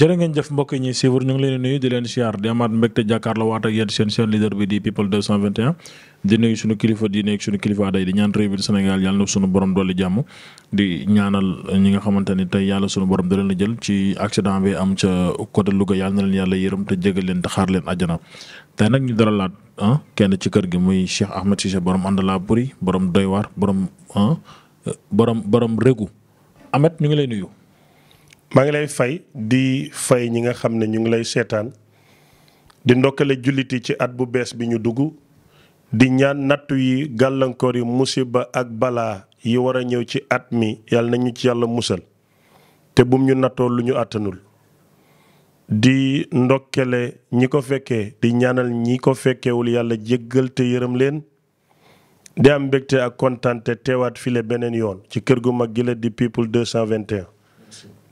jërë ngeen jëf mbokk yi ñuy suivre ñu ngi leen di nuyu di leen siyaar di amaat mbégte jàkkaarloo waat ak yéen seen seen leader bi di people 221 di nuyu suñu kilifa di nekk suñu kilifa day di ñaan réew bi Sénégal yàlla na suñu borom dolli jàmm di ñaanal ñi nga xamante ni tey yàlla suñu borom da leen a jël ci accident bi am ca côté luga yàlla na leen yàlla yërëm te jégal leen te xaar leen àjjana tey nag ñu dalalaat ah kenn ci kër gi muy Cheikh Ahmed Cissé borom àndalaa buri borom doy waar borom ah borom borom régu Ahmed ñu ngi lay nuyu maa ngi lay fay di fay ñi nga xam ne ñu ngi lay seetaan di ndokkale julliti ci at bu bees bi ñu dugg di ñaan nattu yi gàllankoor yi musiba ak balaa yi war a ñëw ci at mi yàlla nañu ci yàlla musal te bum ñu nattoo lu ñu àttanul di ndokkale ñi ko fekkee di ñaanal ñi ko fekkewul yàlla jéggal te yërëm leen di am mbégte ak kontaan teewaat file beneen yoon ci kër gu mag gi la di people 221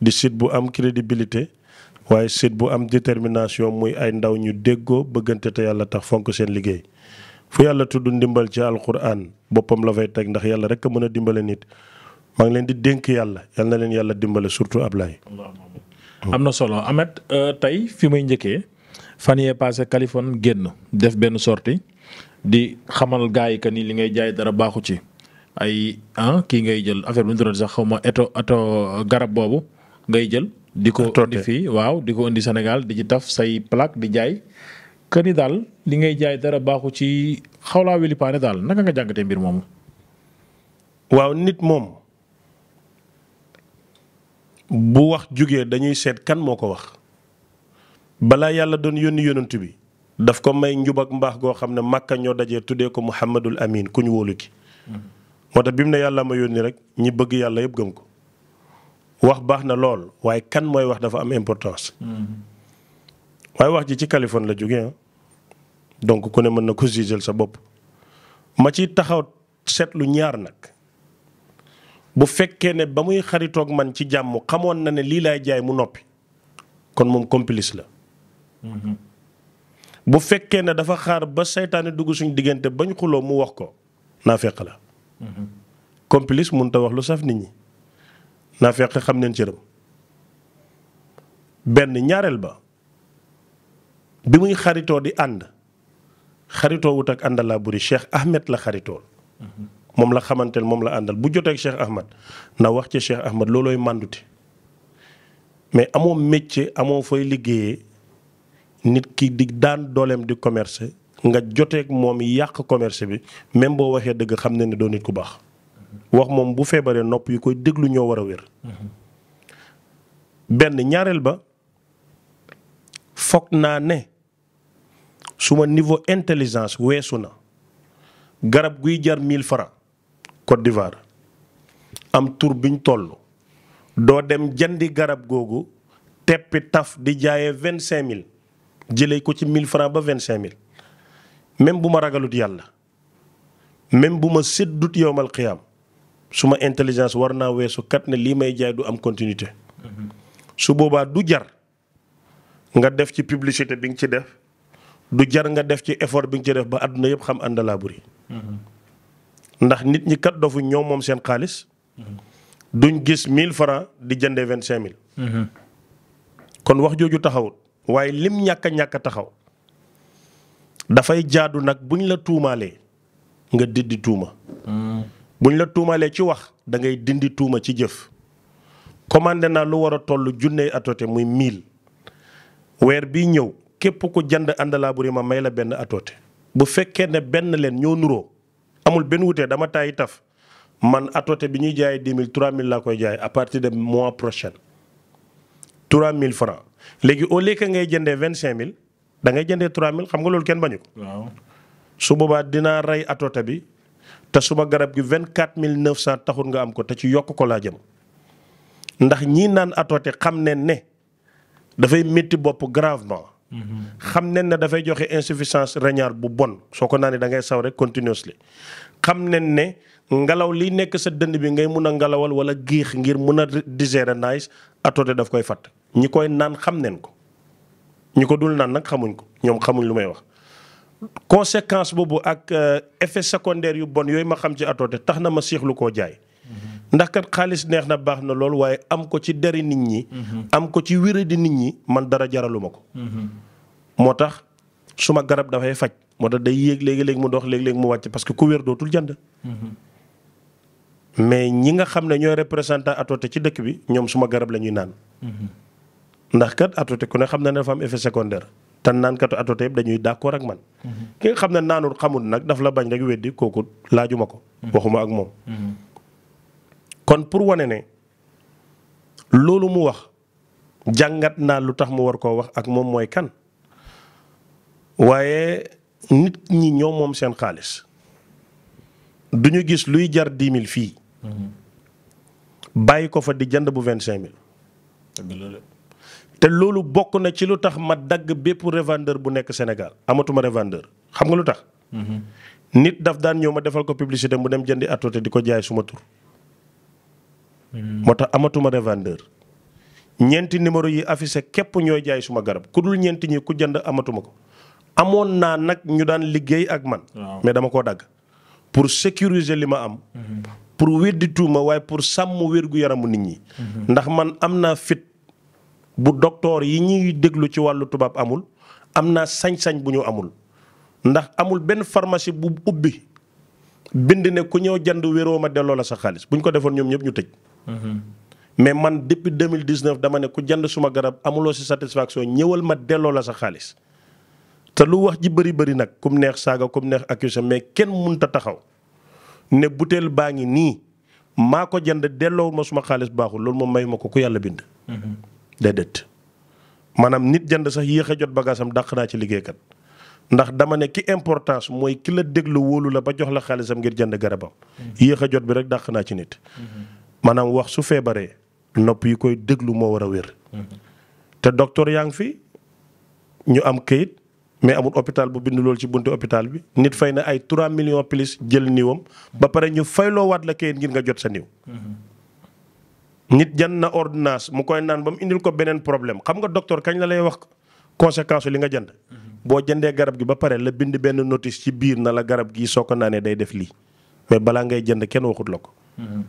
di sit bu am crédibilité waaye site bu am détermination muy ay ndaw ñu déggoo bëggante te yàlla tax fonk seen liggéey fu yàlla tudd ndimbal ci alquran boppam la fay teg ndax yàlla rek a mën a dimbale nit maa ngi leen di dénk yàlla yal na leen yàlla dimbale surtout Ablaye. am na solo Ameth euh, tey fi may njëkkee fan yee passé Kaliphone génn def benn sorti di xamal gars yi que ni li ngay jaay dara baaxu ci ay ah kii ngay jël affaire bi ñu doon sax xaw ma eto eto garab boobu. ngay jël. di ko indi fii waaw di ko indi Sénégal di ci taf say plaque di jaay. que ni daal li ngay jaay dara baaxu ci xawlaa weli daal naka nga jàngatee mbir moomu. waaw nit moom bu wax jógee dañuy seet kan moo ko wax balaa yàlla doon yónni yónnantu bi daf ko may njub ak mbaax goo xam ne màkka ñoo dajee tuddee ko muhammadul amin ku ñu wóolu ki hmm. moo tax bi mu ne yàlla ma yónni rek ñi bëgg yàlla yëpp gëm ko wax baax na lool waaye kan mooy wax dafa am importance. Mm-hmm. waaye wax ji ci Kaliphone la jógee donc ku ne mën na ko jugeel sa bopp. ma ci taxaw seetlu ñaar nag bu fekkee ne ba muy xaritoog man ci jàmm xamoon na ne lii laay jaay mu noppi kon moom complice la. Mm-hmm. bu fekkee ne dafa xaar ba seytaane dugg suñ diggante bañ xuloo mu wax ko naa fekk la. Mm-hmm. complice mënut a wax lu saf nit ñi. naa fekk xam neen cëram benn ñaareel ba bi muy xaritoo di ànd xaritoo wut ak àndalaa buri Cheikh Ahmed la xaritool moom la xamanteel moom la àndal bu jotee ak Cheikh Ahmed na wax ci Cheikh Ahmed loolooy màndute mais amoo métier amoo fooy liggéeyee nit ki di daan dooleem di commerce nga joteek moom yàq commerce bi même boo waxee dëgg xam ne ne doo nit ku baax wax moom bu feebaree nopp yu koy déglu ñoo war a wér. benn ñaareel ba foog naa ne suma niveau intelligence weesu na garab guy jar mille francs Côte d'Ivoire am tur biñ toll doo dem jëndi garab googu teppi taf di jaayee 25000 jëlee ko ci 1000 francs ba vingt 25000 même bu ma ragalut yàlla même bu ma séddut yowmal xiyaam su ma intelligence war naa weesu kat ne lii may jaay du am continuité su boobaa du jar nga def ci publicité bi nga ci def du jar nga def ci effort bi nga ci def ba àdduna yëpp xam Anda Labouri ndax nit ñi kat dofu ñoom moom seen xaalis duñ gis mille francs di jëndee mille kon wax jooju taxawut waaye lim ñàkk a ñàkk a taxaw dafay jaadu nag buñ la tuumaalee nga diddi tuuma. bu ñu la tuumalee ci wax da ngay dindi tuuma ci jëf commandé naa lu war a toll junne atoote muy 1000 weer bii ñëw képp ku jënd àndalaa buri ma may la benn atoote bu fekkee ne benn leen ñoo nuroo amul benn wutee dama tàyyi taf man atoote bi ñuy jaayee 10 000 3 000 laa koy jaay à parti de mois prochain 3 mil francs léegi au lieu que ngay jëndee vingt 000 da dangay jëndee 3 mil xam nga loolu kenn bañu ko. waaw su boobaa dinaa rey atoote bi. te suma garab gi 24 900 taxul nga am ko te ci yokk ko laa jëm ndax ñi naan atoote xam ne ne dafay métti bopp gravement. xam ne ne dafay joxe insuffisance rénale bu bon soo ko naanee da ngay saw rek continuously xam ne ne ngelaw liy nekk sa dënn bi ngay mun a ngelawal wala géex ngir mun a digérer nice atoote daf koy fàtt ñi koy naan xam neen ko ñi ko dul naan nag xamuñ ko ñoom xamuñ lu may wax. conséquence boobu ak euh, effet secondaire yu bon yooyu ma xam ci atoote tax na ma siixlu koo jaay ndax kat xaalis neex na baax na lool waaye am ko ci deri nit ñi am ko ci wéré di nit ñi man dara jaraluma ko moo tax suma garab dafay faj moo tax day yéeg léegi-léegi mu dox léegi-léegi mu wàcc parce que ku wér dootul jënd mais ñi nga xam ne ñooy représentant atoote ci dëkk bi ñoom suma garab la ñuy naan ndax kat atoote ku ne xam na ne dafa am effet secondaire te naankatu atoote dañuy d'accord ak man. ki nga xam ne naanul xamul nag daf la bañ rek weddi kooku laajuma ko. waxuma ak moom. kon pour wane ne loolu mu wax jàngat naa lu tax mu war koo wax ak moom mooy kan waaye nit ñi ñoo moom seen xaalis du ñu gis luy jar dix mille fii. Mhm. bàyyi ko fa di jënd bu vingt cinq mille. te loolu bokk na ci lu tax ma dagg bépp revendeur bu nekk Sénégal amatuma revendeur xam nga lu tax. Mhm. nit daf daan ñëw ma defal ko publicité mu dem jëndi atoté di ko jaay suma mhm. tax amatuma revendeur. ñeenti numéro yi affiché képp ñooy jaay suma garab ku dul ñeenti ñi ku jënd amatuma ko amoon naa nag ñu daan liggéey ak man. mais dama koo dagg pour sécuriser li ma am. Mhm. pour weddi tuuma waaye pour sàmm wér gu yaramu nit ñi. ndax man am naa fit. bu docteur yi ñuy déglu ci wàllu tubaab amul am naa sañ-sañ bu ñu amul ndax amul benn pharmacie bu ubbi bind ne ku ñëw jënd wéroo ma delloo la sa xaalis bu ñu ko defoon ñoom ñëpp ñu tëj. Mhm. mais man depuis 2019 dama ne ku jënd suma garab amuloo si satisfaction ñëwal ma delloo la sa xaalis te lu wax ji bëri bëri nag kum neex saaga kum neex accusé mais kenn mënut a taxaw ne butéel baa ngi nii maa ko jënd delloo ma suma xaalis baaxul loolu moom may ma ko ku yàlla bind. Mhm. déedéet maanaam nit jënd sax yéex a jot bagage dàq naa ci liggéeykat ndax dama ne ki importance mooy ki la déglu wóolu la ba jox la xaalisam ngir jënd garabam. yéex a jot bi rek dàq naa ci nit. maanaam wax su feebaree nopp yu koy déglu moo war a wér. te docteur yaa ngi fi ñu am kayit mais amul hôpital bu bind loolu ci bunti hôpital bi nit fay na ay 3 millions plus jël niiwam ba pare ñu fayloowaat la kayit ngir nga jot sa niw. nit jënd na ordonnance mu koy naan ba mu indil ko beneen problème xam nga docteur kañ la lay wax conséquence li nga jënd. boo jëndee garab gi ba pare la bind benn notice ci biir na la garab gi soo ko naanee day def lii mais balaa ngay jënd kenn waxut la ko. Mm-hmm.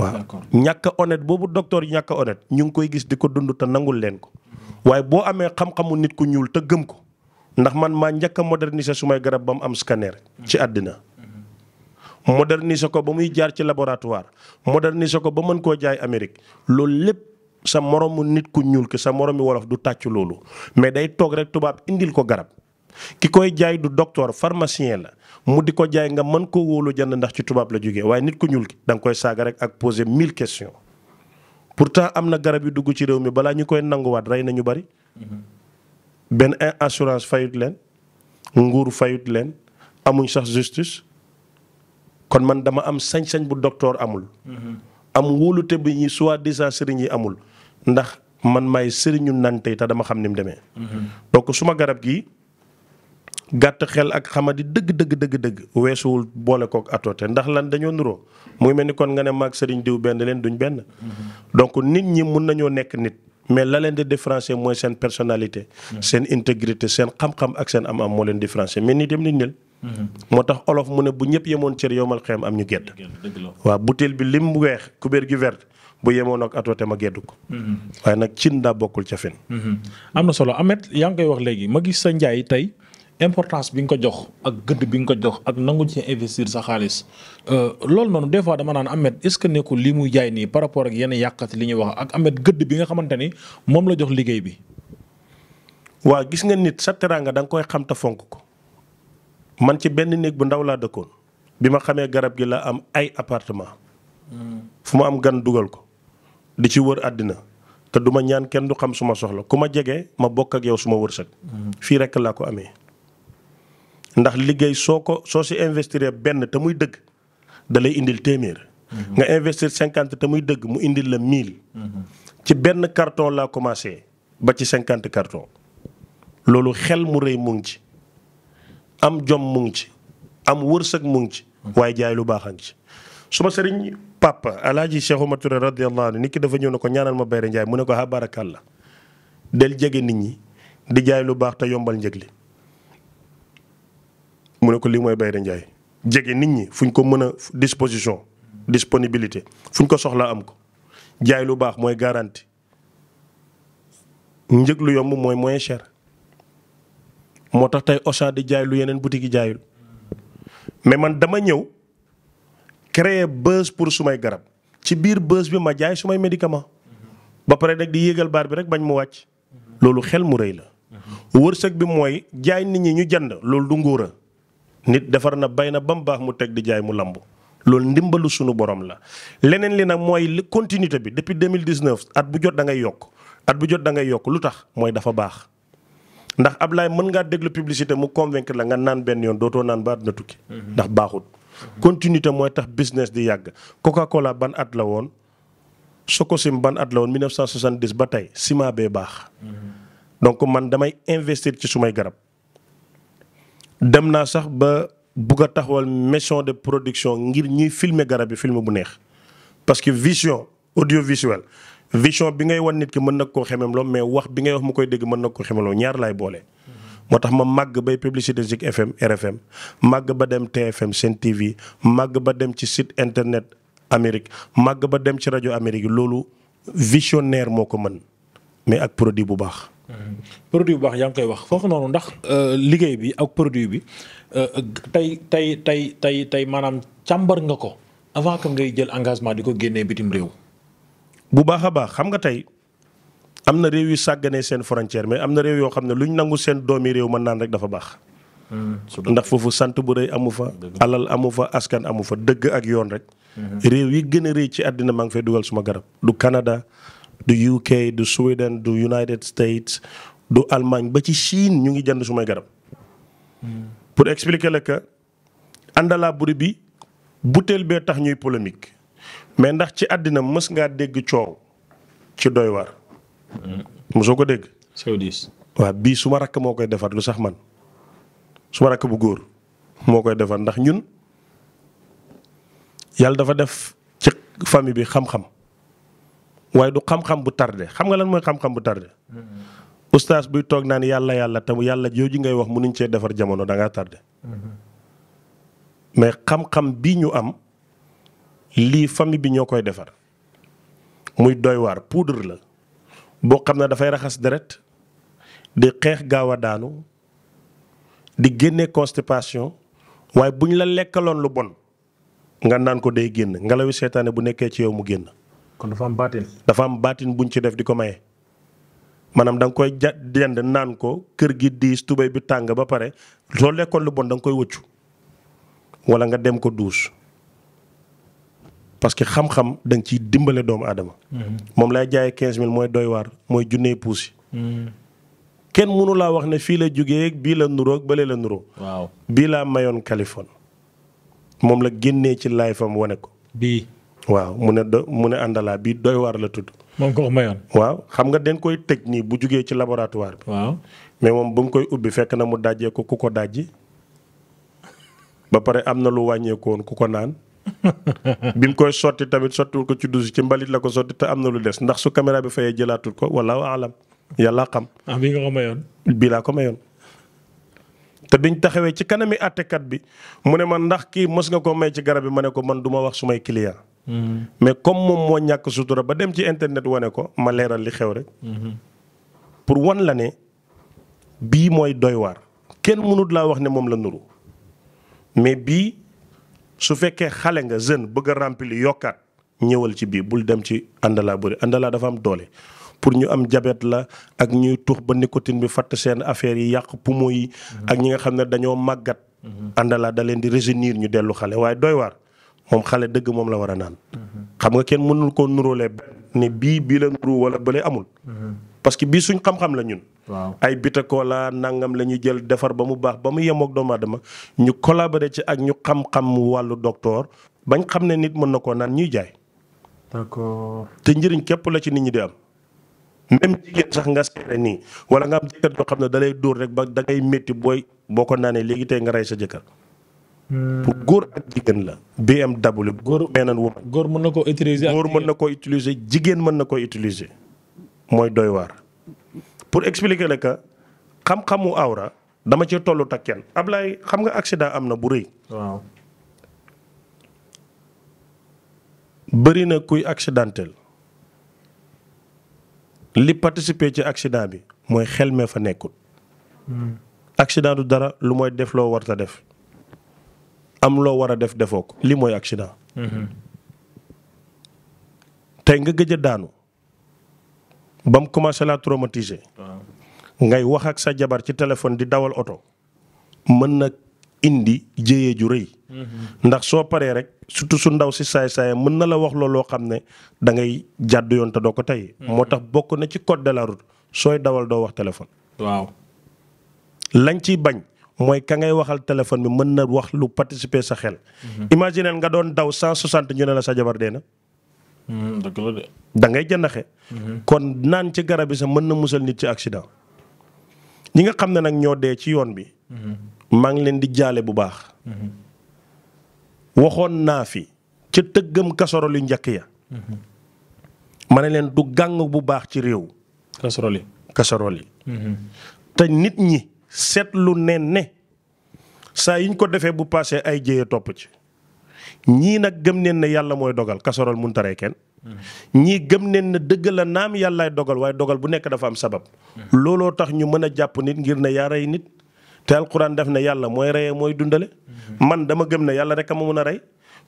waaw ñàkk a boobu docteur yi ñàkk a ñu ngi koy gis di ko dund te nangul leen ko. waaye boo amee xam-xamu nit ku ñuul te gëm ko ndax man maa njëkk a moderniser sumay garab ba mu am scanner. ci àddina moderniser ko ba muy jaar ci laboratoire moderniser ko ba mën koo jaay Amérique loolu lépp sa moromu nit ku ñuul ki sa moromi wolof du tàcc loolu mais day toog rek tubaab indil ko garab ki koy jaay du docteur pharmacien la mu di ko jaay nga mën koo wóolu jënd ndax ci tubaab la jógee waaye nit ku ñuul ki da nga koy saaga rek ak poser mille questions pourtant am na garab yi dugg ci réew mi balaa ñu koy nanguwaat rey na ñu bari mm-hmm. benn un assurance fayut leen nguur fayut leen amuñ sax justice. kon man dama am sañ-sañ bu docteur amul. am wóolute bi ñi soit déjà sëriñ yi amul ndax man maay sëriñu nante te dama xam ni mu demee. donc suma garab gii gàtt xel ak xamadi dëgg dëgg dëgg dëgg weesuwul boole kook atoote ndax lan dañoo nuroo muy mel ni kon nga ne maag sëriñ diw benn leen duñ benn. donc nit ñi mun nañoo nekk nit. mais la leen di différencier mooy seen personnalité. Hmm. seen intégrité seen xam-xam ak seen am-am moo leen différencier mais nii dem nit ñi moo tax olof mu ne bu ñëpp yemoon cër yowmal xeem am ñu gedd waaw butéel bi lim weex kubéer gi vert bu yemoon ak atoote ma geddu ko waaye nag cin daa bokkul ca fen am na solo Ameth yaa ngi koy wax léegi ma gis sa njaay tey importance bi nga ko jox ak gëdd bi nga ko jox ak nangu ci investir sa xaalis euh, loolu noonu des fois dama naan Ameth est-ce que nekkul li muy jaay nii par rapport ak yenn yàqat li ñuy wax ak gëdd bi nga xamante ni moom la jox liggéey bi. waa gis nga nit sa teraanga da nga koy xam te fonk ko. man ci benn néeg bu ndaw laa dëkkoon bi ma xamee garab gi la am ay appartement fu ma am gan dugal ko di ci wër àddina te du ma ñaan kenn du xam suma soxla ku ma jege ma bokk ak yow suma wërsëg. fii rekk laa ko amee ndax liggéey soo ko soo si investir benn te muy dëgg da lay indil téeméer. Mhm. nga investir cinquante te muy dëgg mu indil la mille. Mhm. ci benn carton laa commencé ba ci cinquante carton loolu xel mu rëy mu ji am jom mu ci am wërsëg mu ngi ci waaye jaay lu baax a ngi ci su ma sëriñ papa alaaji Cheikh Oumar Touré radiyallahu anhu ki dafa ñëw ne ko ñaanal ma Bayra Ndiaye mu ne ko ha barakallah del jege nit ñi di jaay lu baax te yombal njëg li mu ne ko lii mooy Bayra Ndiaye jege nit ñi fu ñu ko mën a disposition disponibilité fu ñu ko soxlaa am ko jaay lu baax mooy garanti njëg lu yomb mooy moins cher moo tax tey Auchan di jaay lu yeneen boutique yi jaayul mais man dama ñëw créer buzz pour sumay garab ci biir buzz bi ma jaay su may médicament ba pare nag di yéegal baar bi rek bañ mu wàcc loolu xel mu rëy la. wërsëg bi mooy jaay nit ñi ñu jënd loolu du ngóora nit defar na bay na ba mu baax mu teg di jaay mu lamb loolu ndimbalu sunu borom la leneen li nag mooy continuité bi depuis 2019 at bu jot da ngay yokk at bu jot da ngay yokk lu tax mooy dafa baax. ndax ab Ablaye mën ngaa déglu publicité mu convaincre la nga naan benn yoon dootoo naan ba àdduna tukki. Mhm. ndax baaxut. continuité mooy tax business di yàgg Coca Cola ban at la woon Sococim ban at la woon 1970 ba tey ciment bee baax. Mhm. donc man damay investir ci sumay garab. dem naa sax ba bugg a taxawal maison de production ngir ñuy filmer garab yi film bu neex parce que vision audiovisuelle vision bi ngay wan nit ki mën na koo xememloo mais wax bi ngay wax mu koy dégg mën na ko xememloo ñaar laay boole. moo tax ma màgg bay publicité Zik FM RFM màgg ba dem TFM seen TV màgg ba dem ci site internet Amérique màgg ba dem ci rajo Amérique loolu visionnaire moo ko mën mais ak produit bu baax. produit bu baax yaa ngi koy wax foofu noonu ndax euh, liggéey bi ak produit bi euh, tey tey tey tey tey maanaam càmbar nga ko avant que ngay jël engagement di ko génnee bitim réew. bu baax a baax xam nga tey am na réew yu sàgganee seen frontière mais am na réew yoo xam ne lu ñu nangu seen doomi réew mën naan rek dafa baax. Mm. ndax foofu sant bu rëy amu fa. alal amu fa askan amu fa dëgg ak yoon rek. Mm-hmm. réew yi gën a rëy ci àddina maa ngi fay dugal suma garab du Canada du UK du Sweden du United States du Allemagne ba ci Chine ñu ngi jënd sumay garab. Mm. pour expliquer la que àndalaa buri bi butéel bee tax ñuy polémique. mais ndax ci àddina mës ngaa dégg coow ci doy waar. mosoo ko dégg. sewdis waaw bii su ma rakk moo koy defar lu sax man su ma rakk bu góor moo koy defar ndax ñun yàlla dafa def ci famille bi xam-xam waaye du xam-xam bu tarde xam nga lan mooy xam bu tardé. oustaz mm-hmm. buy toog naan yàlla yàlla tam yàlla jooju ngay wax mënuñ cee defar jamono dangaa ngaa tardé. Mm-hmm. mais xam-xam bii ñu am. lii famille bi ñoo koy defar muy doy waar poudre la boo xam ne dafay raxas deret di xeex gaaw a daanu di génne constipation waaye bu ñu la lekkaloon lu bon nga naan ko day génn ngelawi seetaane bu nekkee ci yow mu génn. kon dafa am baatin. dafa am baatin buñ ci def di ko maye. maanaam danga koy ja dend naan ko kër gi diis tubéy bi tàng ba pare soo lekkoon lu bon da koy wëccu wala nga dem ko duus. parce que xam-xam da nga ciy dimbale doomu aadama. Mm-hmm. moom lay jaayee 15000 mooy doy waar mooy junnee puus yi. Mm-hmm. kenn mënu laa wax ne fii la jógee bii la nuroog bële la nuroo. waaw bii laa mayoon Kaliphone. moom la génnee ci laay fam wane ko. bii. waaw mu ne do mu ne àndalaa bii doy waar la tudd. moom ko mayoon. waaw xam nga dañ koy tëj nii bu jugee ci laboratoire bi. mais moom bu mu koy ubbi fekk na mu dajee ko ku ko dajji. ba pare am na lu wàññeekoon ku ko naan. bi mu koy sotti tamit sottiwul ko ci douche ci mbalit la ko sotti te am na lu des ndax su caméra bi fayee jëlaatul ko wallahu alam yàlla xam. ah bi nga ko mayoon. bii laa ko mayoon. te biñ taxawee ci kanami àttekat bi mu ne ma ndax kii mës nga ko may ci garab bi ma ne ko man du ma wax sumay client hmm. mais comme moom moo ñàkk sutura ba dem ci internet wane ko ma leeral li xew rek. Hmm. pour wan la ne bii mooy doy waar kenn mënut laa wax ne moom la nuru mais bii. su fekkee xale nga jeune bëgg a rempli yokkaat ñëwal ci biir bul dem ci àndalaa bëri àndalaa dafa am doole pour ñu am jabet la ak ñuy tux ba nicotine bi fatt seen affaire yi yàq poumon yi ak ñi nga xam ne dañoo màggat àndalaa da leen di régénérer ñu dellu xale waaye doy waar moom xale dëgg moom la war a naan xam nga kenn mënul koo nuróolee ne bii bii la nuru wala bële amul parce que bii suñ xam-xam la ñun. waaw ay la nangam la ñuy jël defar ba mu baax ba mu yemook doomu aadama ñu collaboré ci ak ñu xam-xam wàllu doctor bañ xam ne nit mën na koo naan ñuy jaay. d'accord te njëriñ képp la ci nit ñi di am. même jigéen sax nga seere nii wala nga am jëkkër joo xam ne dalay dóor rek ba dangay ngay booy boo ko naanee léegi tey nga rey sa jëkkër. Hmm. pour góor ak jigéen la. BMW. góor meenan woman góor mën na koo utiliser góor mën na koo utiliser jigéen mën na koo utiliser. mooy doy waar pour expliquer la que xam-xamu awra dama ci tollu tak kenn Ablaye xam nga accident am na bu rëy. waaw na kuy accidentel li participer ci accident bi mooy xel mee fa nekkul. Hmm. accident du dara lu mooy def loo warta def am loo war a def defoo ko li mooy accident. Hmm. tey nga gëj daanu. ba mu commencé laa traumatiser. ngay wax ak sa jabar ci téléphone di dawal oto. mën na indi jéyee ju rëy. Mhm. ndax soo paree rek surtout su ndaw si saay saay mën na la wax loolu loo xam ne da ngay jàdd yoon te doo ko tey. Mhm. moo tax bokk na ci code de la route sooy dawal doo wax téléphone. waaw lañ ciy bañ. mooy ka ngay waxal téléphone bi mën na wax lu participer sa xel. Mhm. imagineel nga doon daw 160 ñu ne la sa jabar dee na. Hmm, dëgg la de. da hmm. kon naan ci garab yi sax mën na musal nit ci accident. ñi nga xam ne nag ñoo dee ci yoon bi. Hmm. maa ngi leen di jaale bu baax. waxoon naa fi ca tëggam kasorol yu njëkk ya. ma leen du gàng bu baax ci réew. kasorol yi kasorol te nit ñi seetlu ne ne saa yiñ ko defee bu paasee ay jéeya topp ci. ñii nag gëm neen ne yàlla mooy dogal kasorol mun taree kenn ñii gëm neen ne dëgg la naam yàllaay dogal waaye dogal bu nekk dafa am sabab looloo tax ñu mën a jàpp nit ngir ne yaa rey nit te alquran def ne yàlla mooy reyee mooy dundale man dama gëm ne yàlla rek a ma mun a rey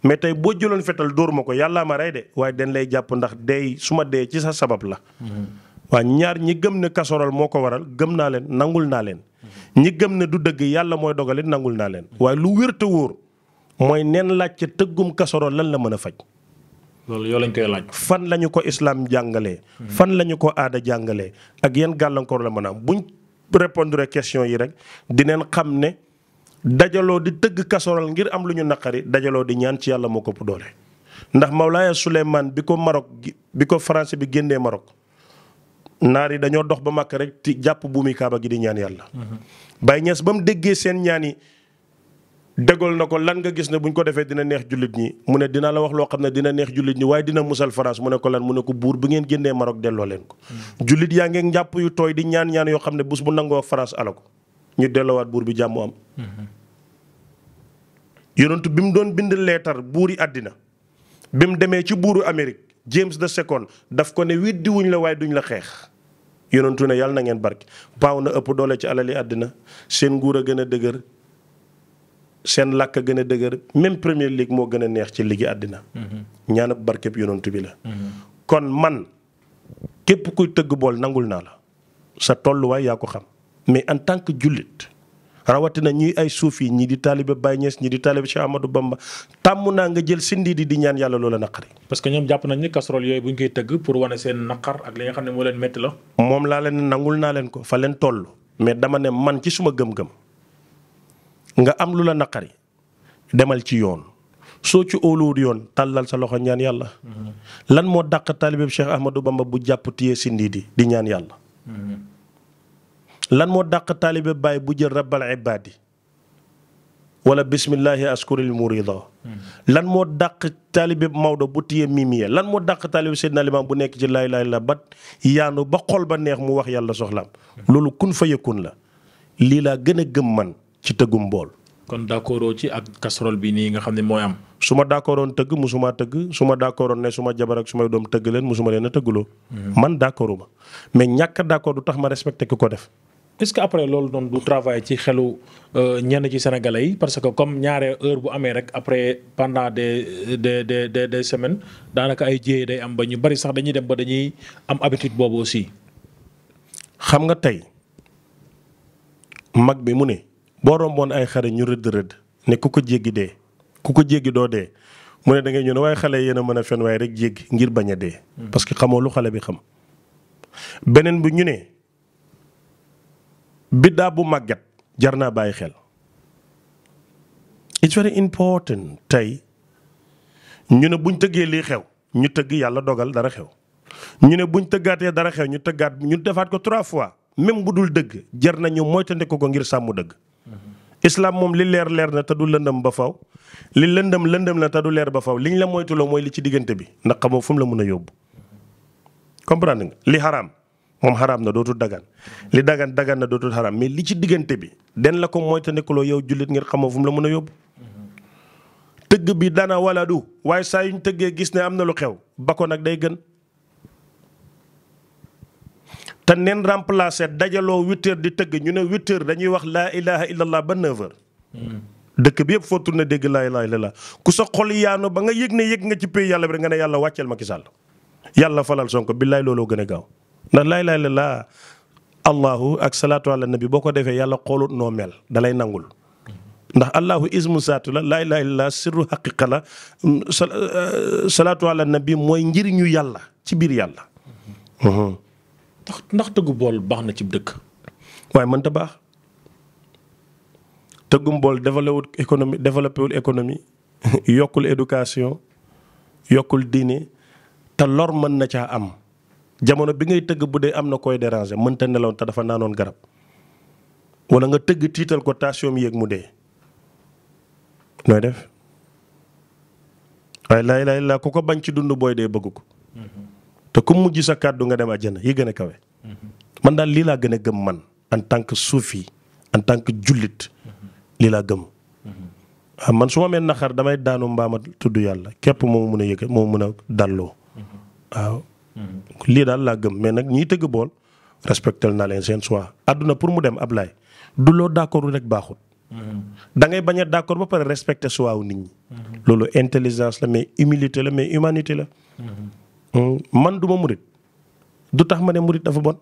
mais tey boo jëloon fetal dóor ma ko yàllaa ma rey de waaye den lay jàpp ndax deey su ma dee ci sa sabab la waa ñaar ñi gëm ne kasorol moo ko waral gëm naa leen nangul naa leen ñi gëm ne du dëgg yàlla mooy dogalit nangul naa leen waaye lu wér wóor mooy neen laaj ca tëggum casserole lan la mën a faj. loolu yow lañ koy laaj. fan lañu ko islaam jàngalee. fan lañu ko aada jàngalee ak yan gàllankoor la mën a am buñ répondre question yi rek dineen xam ne dajaloo di tëgg casserole ngir am lu ñu naqari dajaloo di ñaan ci yàlla moo ko pu doole. ndax Mawlaaya Souleymane bi ko Maroc bi ko français bi génnee Maroc naar yi dañoo dox ba màkk rek ti jàpp buumi kaaba gi di ñaan yàlla. Mhm. Baye Niass ba mu déggee seen ñaan yi dëggal na ko lan nga gis ne bu ñu ko defee dina neex jullit ñi mu ne dinaa la wax loo xam ne dina neex jullit ñi waaye dina musal France mu ne ko lan mu ne ko buur bu ngeen génnee Maroc delloo leen ko. Mm. jullit yaa ngi njàpp yu tooy di ñaan ñaan yoo xam ne bés bu nangoo France ala ko ñu dellowaat buur bi jàmm am. Mm-hmm. yonentu bi mu doon bind leetar buur yi àddina bi mu demee ci buuru Amérique James de second daf ko ne weddi diwuñ la waaye duñu la xeex. yonentu ne yàlla na ngeen barke paaw na ëpp doole ci alali àddina seen nguur a gën a dëgër. seen làkk gën a dëgër même première ligue moo gën a neex ci ligi àddina mm-hmm. ñaanab barkeb yonantu bi la mm-hmm. kon man képp kuy tëgg bool nangul naa la sa tolluwaay yaa ko xam mais en tant que jullit rawatina ñi ay suuf yi ñii di taalibe Baye Niass di taalibe Cheikh Amadou Bamba tàmm naa nga jël si ndiidi di ñaan yàlla loola naqari. parce que ñoom jàpp nañ ni casserole yooyu bu ñu koy tëgg pour wane seen naqar ak li xam ne moo leen métti la. moom laa leen nangul naa leen ko fa leen toll mais dama ne man ci suma gëm-gëm. nga am lu la naqari demal ci yoon soo ci óoluwul yoon tàllal sa loxo ñaan yàlla lan moo dàq taalibeeb Cheikh Ahmadou Bamba bu jàpp téye si ndii di ñaan yàlla lan moo dàq taalibeeb Baay bu jël rabbal ibaadi wala bismillahi askuril murida lan moo dàq taalibeeb Maodo bu téye mimiya lan moo dàq taalibeeb bu nekk ci laa la illallaah ba yaanu ba xol ba neex mu wax yàlla soxlaam loolu kun fa yëkkun la lii laa gën a gëm man ci tëggum bool. kon d'accord ci ak casserole bi nii nga xam ne mooy am. su ma d'accordoon tëgg musuma tëgg su ma d'accordoon ne suma ma jabar ak su doom tëgg leen musuma leen a tëggloo. Mhm. man d'accorduma mais ñàkk a d'accord du tax ma respecté ki ko def. est-ce que après loolu noonu du travail ci xelu euh, ñenn ci sénégalais yi parce que comme ñaare heure bu amee rek après pendant de des des des semaines daanaka ay jéey day am ba ñu bari sax dañuy dem ba dañuy am habitude boobu aussi. xam nga tey mag bi mu ne. boo romboon ay xare ñu rëdd rëdd ne ku ko jéggi dee ku ko jéggi doo dee mu ne dangay ngay ñu ne waaye xale yéen a mën a fen waaye rek jéggi ngir bañ a dee. Hmm. parce que xamoo lu xale bi xam. beneen bi ñu ne biddaa bu màgget jar naa bàyyi xel. it's very important tey ñu ne buñ tëggee lii xew ñu tëgg yàlla dogal dara xew. ñu ne buñ tëggaatee dara xew ñu tëggaat ñu defaat ko trois fois même bu dul dëgg jar nañu moytandi ko ko ngir sàmm dëgg. Mm-hmm. islaam moom li leer leer na te du lëndëm ba faw li lëndëm lëndëm na te du leer ba faw liñ la moytuloo mooy li ci diggante bi ndax xamoo fu mu la mën a yóbbu comprendre li xaraam moom xaraam na dootul dagan li dagan dagan dootul xaraam mais li ci diggante bi den la ko moytandikuloo yow jullit ngir xamoo fu mu la mën a yóbbu tëgg bi dana wala du waaye saa ñu tëggee gis ne am na lu xew ba ko nag day gën te neen remplacer dajaloo huit heures di tëgg ñu ne huit heures dañuy wax laa ilaha illallah ba neuf heures. dëkk bi yëpp foo tourné dégg laa ilaha illallah ku sa xol yaano ba nga yëg ne yëg nga ci pays yàlla bi rek nga ne yàlla wàcceel Macky Sall yàlla falal Sonko billaay looloo gën a gaaw ndax laa ilaha illallah allahu ak salaatu ala nabi boo ko defee yàlla xoolut noo dalay nangul. ndax allahu ismu saatu la laa ilaha illallah sirru haqiqa la euh, salaatu ala nabi mooy njëriñu yàlla ci biir yàlla. ndax ndax tëggu bool baax na ci dëkk. waaye mënta baax tëggum bool développé wul économie développé wul économie yokkul éducation yokkul diine te lor mën na caa am jamono bi ngay tëgg bu dee am na koy déranger mënta nelaw te dafa naanoon garab wala nga tëgg tiital ko tension yéeg mu dee nooy def waaye laay laay laa ku ko bañ ci dund booy dee bëgg ko. Mm-hmm. te ku mujj sa kàddu nga dem àjjana yi gën a kawe. man daal lii laa gën a gëm man en tan que suufi en tant que jullit lii laa gëm. waaw ah, man su ma na naxar damay daanu mbaama tudd yàlla képp moo mun a yëg moo mun a dalloo. waaw lii daal laa gëm mais nag ñiy tëgg bool respectel naa leen seen choix àdduna pour mu dem Ablaye du loo d'accord rek baaxut. da ngay bañ a d'accord ba pare respecter choix wu nit ñi. loolu intelligence la mais humilité la mais humanité la. man du ma murit du tax ma ne murit dafa bon.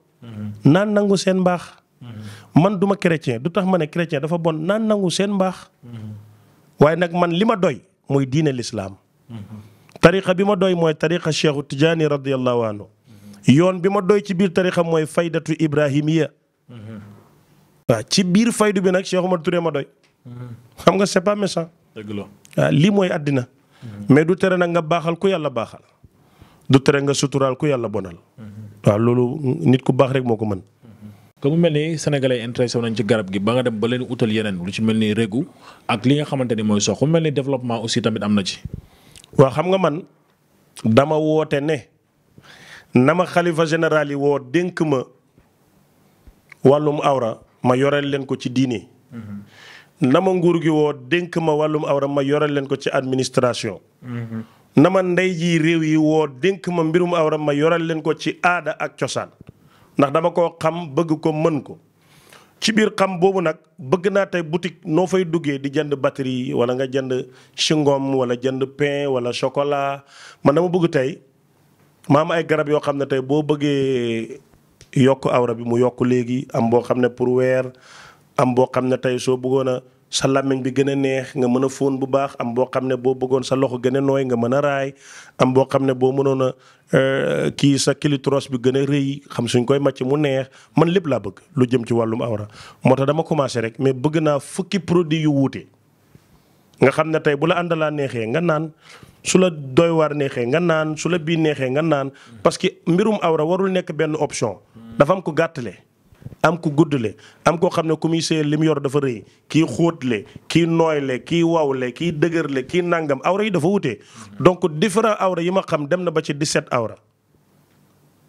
naan nangu seen mbaax. man du ma chrétien du tax ma ne chrétien dafa bon naan nangu seen mbaax. waaye nag man li ma doy mooy diine lislaam tariqa bi ma doy mooy tariqa cheikhu tijaani radiallahu anhu yoon bi ma doy ci biir tariqa mooy faydatu ibrahimiya waaw ci biir faydu bi nag Cheikh Omar Touré ma doy xam nga c'est pas méchant dëgg lii mooy àddina mm-hmm. mais du tere nag nga baaxal ku yàlla baaxal du tere nga suturaal ku yàlla bonal. waaw loolu nit ku baax rek moo ko mën. ko mu mel ni sénégalais intéressé nañ ci garab gi ba nga dem ba leen utal yeneen lu ci mel ni régu ak li nga xamante ni mooy sox mu mel ni développement aussi tamit am na ci. waa xam nga man dama woote ne na ma xalifa général yi woo dénk ma wàllum awra ma yoreel leen ko ci diine. Mm-hmm. na ma nguur gi woo dénk ma wàllum awra ma yoreel leen ko ci administration. Mm-hmm. na ma ndey ji réew yi woo dénk ma mbirum awra ma yoral leen ko ci aada ak cosaan ndax dama koo xam bëgg ko mën ko ci biir xam boobu nag bëgg naa tey boutique noo fay duggee di jënd batterie wala nga jënd chewing-gum wala jënd pain wala chocolat man dama bëgg tey maam ay garab yoo xam ne tey boo bëggee yokk awra bi mu yokk léegi am boo xam ne pour weer am boo xam ne tey soo bëggoon a sa làmmiñ bi gën a neex nga mën a fóon bu baax am boo xam ne boo bëggoon sa loxo gën a nooy nga mën a raay am boo xam ne boo mënoon a euh, kii sa clitoris bi gën a rëy xam suñ koy màcc mu neex man lépp laa bëgg lu jëm ci wàllum awra moo tax dama commencé rek mais bëgg naa fukki produit yu wuute. nga xam ne tey bu la àndalaa neexee nga naan su la doy waar neexee nga naan su la bii neexee nga naan parce que mbirum awra warul nekk benn option dafa am ko gàttale am ku le am koo xam ne ku muy séyal li mu yor dafa rëy kii le kii nooy le kii waw le kii dëgër le kii nàngam awra yi dafa wutee donc différent awra yi ma xam dem na ba ci 17 awra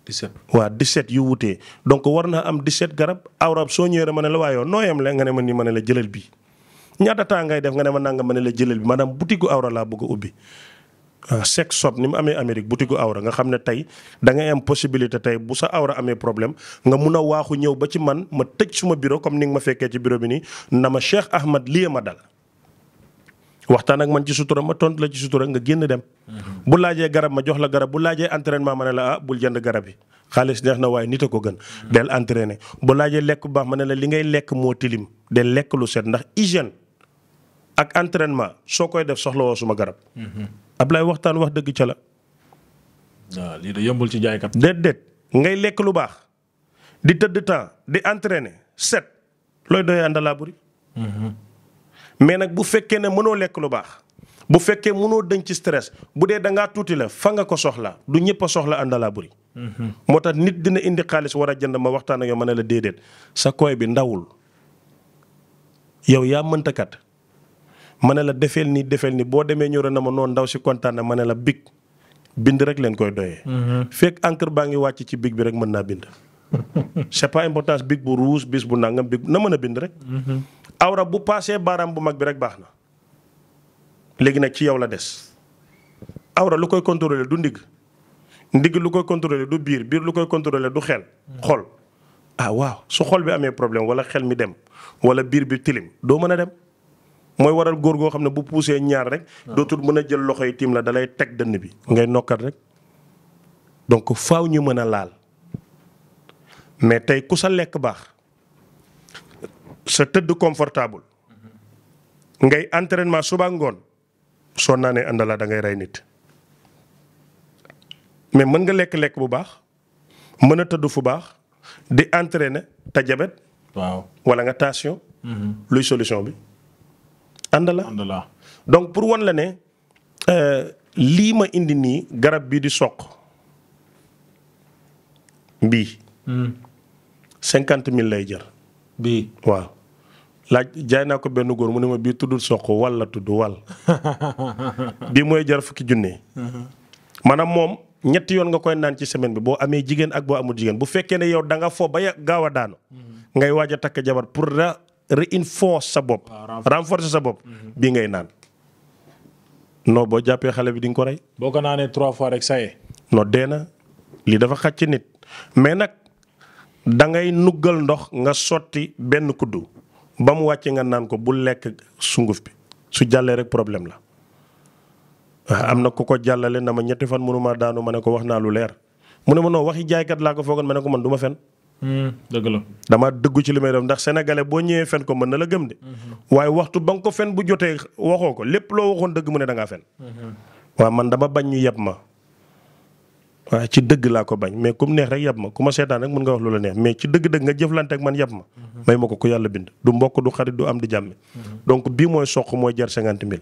17 waaw 17 yu wutee donc war naa am 17 garab awra soo ñëwee ma ne la waayoo nooyam le nga ne ma ni ma ne la jëlal bi ñaata temps ngay def nga ne ma nangam ma ne la jëlal bi maanaam boutique awra laa bëgg a ubbi Euh, sex shop ni mu amee Amérique ko awra nga xam ne tey dangay am possibilité tey bu sa awra amee problème nga mun a waaxu ñëw ba ci man ma tëj suma bureau comme ni nga ma fekkee ci bureau bi nii na ma Cheikh Ahmad lii a dal. waxtaan ak man ci sutura ma tontu la ci sutura nga génn dem. Mm-hmm. bu laajee garab ma jox la garab bu laajee entrainement ma ne la ah bul jënd garab yi xaalis neex na waaye nit a ko gën. Mm-hmm. del entraîné bu laajee lekk bu baax ma ne la li ngay lekk moo tilim del lekk lu ndax hygiène. ak entrainement soo koy def soxla woo suma garab. Mhm. Ablaye waxtaan wax dëgg ca la. waaw ah, lii de yombul ci jaaykat. déedéet ngay lekk lu baax di tëdd temps di entraîner set looy doyee àndalaa buri mhm. mais nag bu fekkee ne mënoo lekk lu baax bu fekkee mënoo dëñ ci stress bu dee da ngaa tuuti la fa nga ko soxla du ñëpp a soxla àndalaa buri mhm. moo tax nit dina indi xaalis war a jënd ma waxtaan ak yow la déedéet sa koy bi ndawul yow yaa mëntakat ma la defeel nii defeel ni boo demee ñëw na ma noon ndaw si kontaan na ma ne la big bind rek leen koy doyee. Mhm. fekk encre baa ngi wàcc ci big bi rek mën naa bind. c'est pas importance big bu ruus bis bu nangam big na mën a bind rek. Mhm. awra bu paasee baaraam bu mag bi rek baax na. léegi nag ci yow la des. awra lu koy contrôler du ndigg ndigg lu koy contrôler du biir biir lu koy contrôler du xel. Mhm. xol ah waaw su xol bi amee problème wala xel mi dem wala biir bi tilim doo mën a dem. mooy waral góor goo xam ne bu poussé ñaar rek. Ah. dootul mën a jël loxo yi tiim la dalay teg dënn bi. ngay nokkat rek donc faaw ñu mën a laal mais tey ku sa lekk baax sa tëdd confortable mm-hmm. ngay entraînement suba ngoon soo naanee àndala da ngay rey nit mais mën nga lekk lekk bu baax mën a tëdd fu baax di entraîner ta jabet waaw nga tension. Mm-hmm. luy solution bi. àndala àndala donc pour wan la ne euh, lii ma indi nii garab bii di soq bii. Hmm. cinquante mille lay jër. bii waaw. laaj jaay naa ko benn góor mu ni ma bii tudd soq wal la tudd wal bii mooy jër fukki junne. Hmm. maanaam moom ñetti yoon nga koy naan ci semaine bi boo amee jigéen ak boo amul jigéen bu fekkee ne yow danga nga foo ba gaaw a daanu. Hmm. ngay waaj takk jabar pour la reinforce sa bopp. Ah, renforcer sa bopp. Mhm. bii ngay naan. non boo jàppee xale bi di nga ko rey. boo ko naanee trois fois rek saye. non dee na lii dafa xàcc nit mais nag da ngay nuggal ndox nga sotti benn kuddu ba mu wàcce nga naan ko bu lekk sunguf bi su jàllee rek problème la. Ah, am na ku ko jàllale na ma ñetti fan mënuma daanu ma ne ko wax naa lu leer mu ne ma non waxi jaaykat laa ko foogoon ma ne ko man du ma fen Hmm, dëgg la dama dëggu ci li may def ndax sénégalais boo ñëwee fen ko mën na la gëm de. Hmm. waaye waxtu ba nga ko fen bu jotee waxoo ko lépp loo waxoon dëgg mu ne da ngaa fen. Hmm, waaw man dama bañ ñu yeb ma. waaw ci dëgg laa ko bañ mais ku mu neex rek yab ma ku ma seetaan rek mën nga wax lu la neex mais ci dëgg-dëgg nga jëflante ak man yab ma. may ko ku yàlla bind du mbokk du xarit du am di jàmme donc bii mooy soq mooy jar cinquante mille.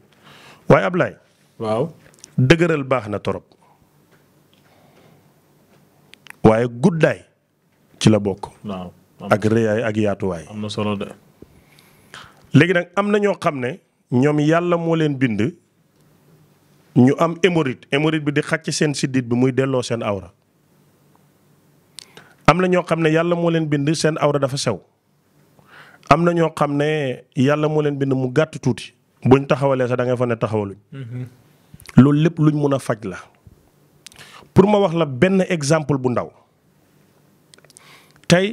waaye Ablaye. waaw dëgëral baax na torop ci la bokk. waaw ak rëyaay ak yaatuwaay. am na solo de. léegi nag am na ñoo xam ne ñoom yàlla moo leen bind ñu am hémorroïde hémorroïde bi di xàcc seen siddit bi muy delloo seen awra am na ñoo xam ne yàlla moo leen bind seen awra dafa sew am na ñoo xam ne yàlla moo leen bind mu gàtt tuuti buñ taxawalee sax dangay ngay fa ne taxawaluñ. Mm-hmm. loolu lépp luñ mun a faj la pour ma wax la benn exemple bu ndaw tey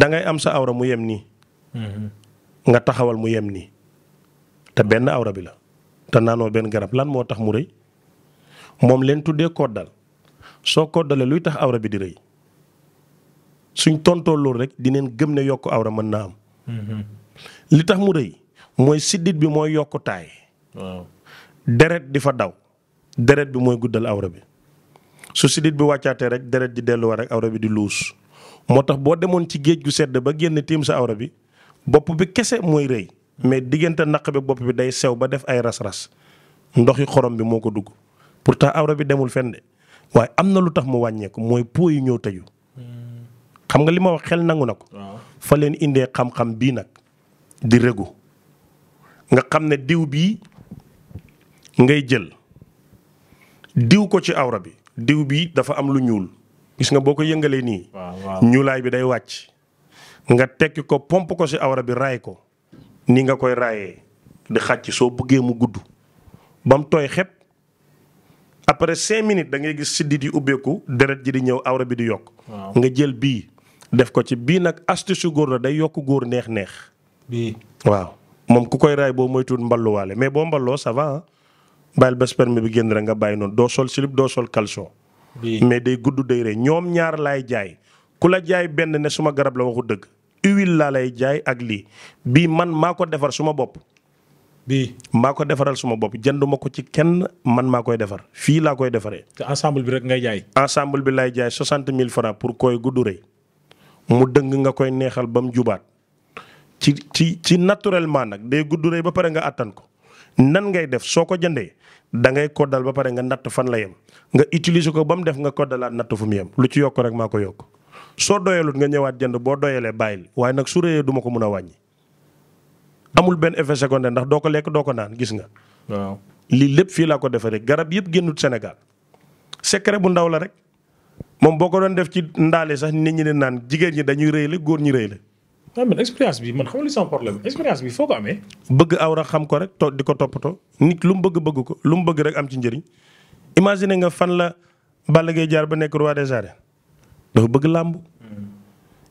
dangay am sa awra mu yem nii. Mm-hmm. nga taxawal mu yem nii te benn awra bi la te naanoo benn garab lan moo tax mu rëy moom leen tuddee koddal soo koddalee luy tax awra bi di rëy suñ tontoo loolu rek dineen gëm ne yokk awra mën naa am. Mm-hmm. li tax mu rëy mooy siddit bi mooy yokkutaay taay. deret di fa daw deret bi mooy guddal awra bi. su sidit bi wàccaatee rek deret ji delluwaat rek awra bi di luus moo tax boo demoon ci géej gu sedd ba génn tiim sa awra bi bopp bi kese mooy rëy mais diggante naq bi bopp bi day sew ba def ay ras-ras ndox yu xorom bi moo ko dugg pour pourtant awra bi demul fend waaye am na lu tax mu wàññeeku mooy po yi ñëw tëju xam nga li ma wax xel nangu na ko. fa leen indee xam-xam bii nag di rëgu nga xam ne diw bii ngay jël diw ko ci awra bi. diw bi dafa am lu ñuul gis nga boo ko yëngalee nii. ñuulaay bi day wàcc. nga tekki ko pomp ko si awra bi raay ko ni nga koy raayee di xàcc soo bëggee mu gudd ba mu tooy xepp après cinq minutes da ngay gis siddit di ubbeeku deret ji di ñëw awra bi di yokk nga jël bii def ko ci bii nag astuce góor la day yokk góor neex neex bii waaw moom ku koy raay boo moytuwul mballuwaale mais boo mballoo ça bàyyil ba sperme bi génn rek nga bàyyi noonu doo sol slip doo sol caleçon. mais day gudd day rey ñoom ñaar laay jaay ku la jaay benn ne suma garab la waxu dëgg huile laa lay jaay ak lii bii man maa ko defar suma bopp. bii maa ko defaral suma bopp jënduma ko ci kenn man maa koy defar fii laa koy defaree. te ensemble bi rek ngay jaay. ensemble bi laay jaay soixante mille francs pour koy gudd rëy mu dëng nga koy neexal ba mu jubaat ci ci ci naturellement nag day gudd rëy ba pare nga attan ko nan ngay def soo ko jëndee da ngay koddal ba pare nga natt fan la yem nga utiliser ko ba mu def nga koddalaat natt fu mu yem lu ci yokk rek maa ko yokk soo doyalut nga ñëwaat jënd boo doyalee bàyyil waaye nag su réyee du ko mun a wàññi. amul benn effet secondaire ndax doo ko lekk doo ko naan gis nga. waaw lii lépp fii laa ko defaree garab yëpp génnut Sénégal secret bu ndaw la rek moom boo ko doon def ci ndaale sax nit ñi ne naan jigéen ñi dañuy rëy la góor ñi rëy la. waaw man expérience bi man xamul sama problème expérience bi foo ko amee. bëgg awra xam ko rek to di ko toppatoo nit lu mu bëgg bëgg ko lu mu bëgg rek am ci njëriñ imagine nga fan la Balla Gaye jaar ba nekk roi des arènes dafa bëgg làmb.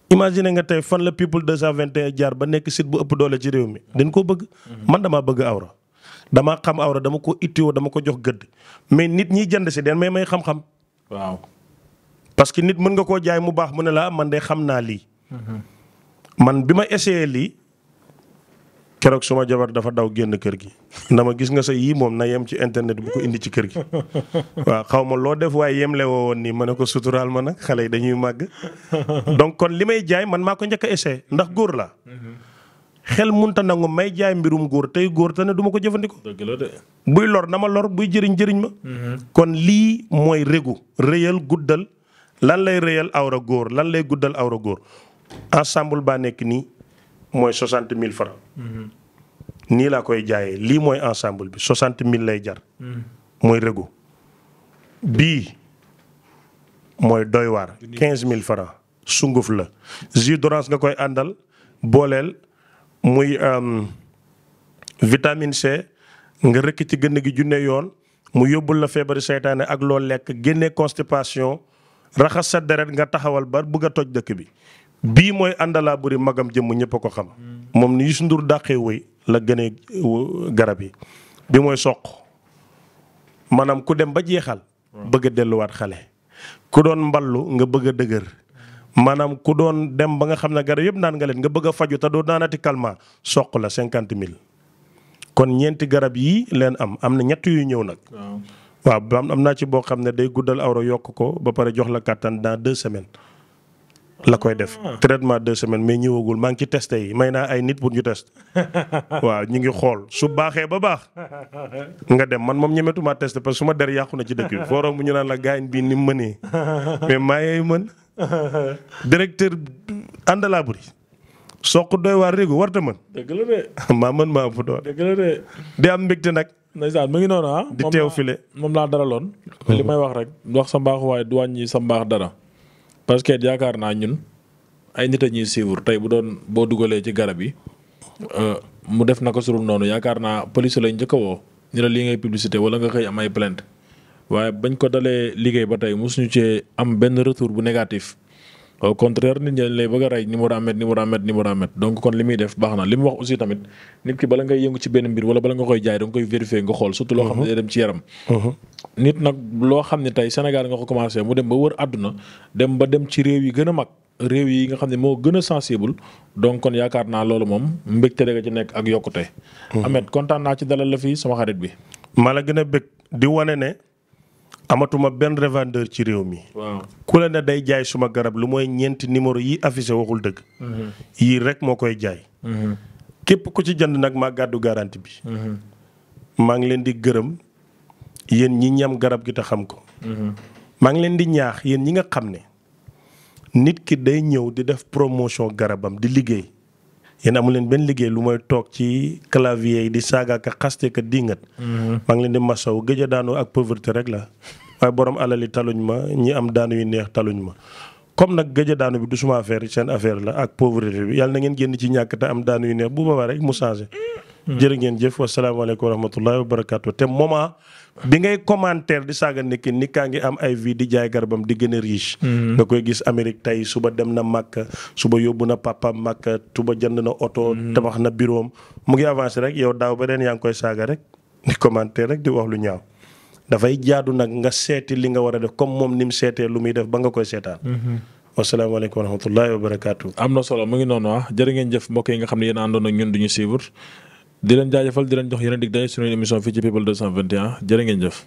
imagine nga tey fan la people 221 jaar ba nekk sit bu ëpp doole ci réew mi dañ koo bëgg. man damaa bëgg awra damaa xam awra dama ko ittiwoo dama ko jox gëdd mais nit ñi jënd si den mais may xam-xam. waaw que nit mën nga koo jaay mu baax mu ne la ah, man de xam naa lii. Mhm. man bi ma essayé lii keroog suma jabar dafa daw génn kër gi na gis nga sa yii moom na yem ci internet bu ko indi ci kër gi waaw xaw ma loo def waaye yemle woo woon nii ma ne ko suturaal ma nag xale yi dañuy màgg donc kon li may jaay man maa ko njëkk a ndax góor la mm-hmm. xel munta may jaay mbirum góor tey góor te ne du ko jëfandikoo. dëgg la buy lor na ma lor buy jëriñ jëriñ ma. Mm-hmm. kon lii mooy régu rëyal guddal lan lay rëyal awra góor lan lay guddal awra góor ensemble baa nekk nii mooy soixante mille francs nii laa koy jaayee lii mooy ensemble bi soixante mille lay jar. mooy rëgu bii mooy doy waar quinze mille francs sunguf la jus d'orange nga koy àndal booleel muy euh, vitamine C nga rëkk ci gënn gi junne yoon mu yóbbul la feebari seytaane ak loo lekk génne constipation raxas sa deret nga taxawal ba bëgg toj dëkk bi bii mooy àndalaa buri magam jëmm ñëpp a ko xam moom ni Youssou Ndour dàqee woy la gëne garab yi bi mooy soq maanaam ku dem ba jeexal bëgg delluwaat xale ku doon mballu nga bëgg a dëgër maanaam ku doon dem ba nga xam ne garab yëpp naan nga leen nga bëgg a faju te doo naanati calmant soq la cinquante mille kon ñeenti garab yii leen am am na ñett yu ñëw nag waaw am naa ci boo xam ne day guddal awra yokk ko ba pare jox la kàttan dans deux semaines la koy def ah. traitement de semaines mais ñëwagul maa ngi ci testé yi may naa ay nit pour ñu test waaw ñu ngi xool su baaxee ba baax nga dem man moom ñemetuma testé parce que su ma der yàqu na ci dëkk bi forom bu ñu naan la gaañ bii ni mënee mais maa yey mën directeur àndalaa buri soq doy waar réegu warta mën dëgg maa mën maa fu doon di am mbégte nag ndeysaan mu ngi noonu ah di teew file moom laa daraloon li may wax rek wax sa mbaaxu waaye du wàññi sa mbaax dara parce que yaakaar naa ñun ay nit a ñuy suivre tey bu doon boo dugalee ci garab yi euh, mu def na ko surul noonu yaakaar naa police lay njëkk a woo ni la lii ngay publicité wala nga xëy am ay plainte waaye bañ ko dalee liggéey ba tey mosuñu cee am benn retour bu négatif. au contraire nit ñi lay a rey numéro amet numéro amet numéro amet donc kon li muy def baax na li mu ki bala ngay yëngu ci benn mbir wala bala nga koy jaay da loo xam ne day uh-huh. loo xam ne tey Sénégal nga ko commencé mu dem ba wër àdduna dem ba dem ci réew yi gën a mag réew yi nga xam ne moo gën a sensible donc kon yaakaar naa loolu moom mbégte rek ci nekk ak yokkute uh-huh. amet kontaan naa ci dalal la fii sama xarit bi maa la gën a bég di wane ne amatuma benn revendeur ci réew mi. waaw ku la ne day jaay suma garab lu mooy ñeenti numéro yi affiché waxul dëgg. Mm-hmm. yii rek moo koy jaay. Mm-hmm. képp ku ci jënd nag maa gàddu garanti bi. Mm-hmm. maa ngi leen di gërëm yéen ñi ñam garab gi te xam ko. maa ngi leen di ñaax yéen ñi nga xam ne nit ki day ñëw di def promotion garabam di liggéey. yéen amu leen benn liggéey lu mooy toog ci clavier yi di saaga ka xaste ka dingat mhm. maa ngi leen di masaw gëj a daanoo ak pauvreté rek la waaye borom alali taluñ ma ñi am daanu yu neex taluñ ma comme nag gëj a daanu bi du suma affaire seen affaire la ak pauvreté bi yàlla na ngeen génn ci ñàkk te am daanu yu neex bu boobaa rek mu changé jërë ngeen jëf wasalaamaaleykum wa rahmatullahi wa barakaatu te moment bi ngay commentaire di saaga nit ki nit kaa ngi am ay vie di jaay garabam di gën a riche. Mm-hmm. nga koy gis Amérique tey suba dem na Makka suba yóbbu na papa Makka tuba jënd na oto. Mm-hmm. tabax na biroom mu ngi avancé rek yow daaw ba ren yaa ngi koy saaga rek di commentaire rek di wax lu ñaaw. dafay jaadu nag nga seeti li nga war a def comme moom ni mu seetee lu muy def ba nga koy seetaan. Mm-hmm. wasalaamaaleykum wa rahmatullahi wa barakaatu. am na solo mu ngi noonu ah jërë ngeen jëf yi nga xam ne yéen àndoon ak ñun du ñu di leen jaajëfal di leen jox yeneen dig daje suñu émission fii ci people 221 jërë ngeen jëf.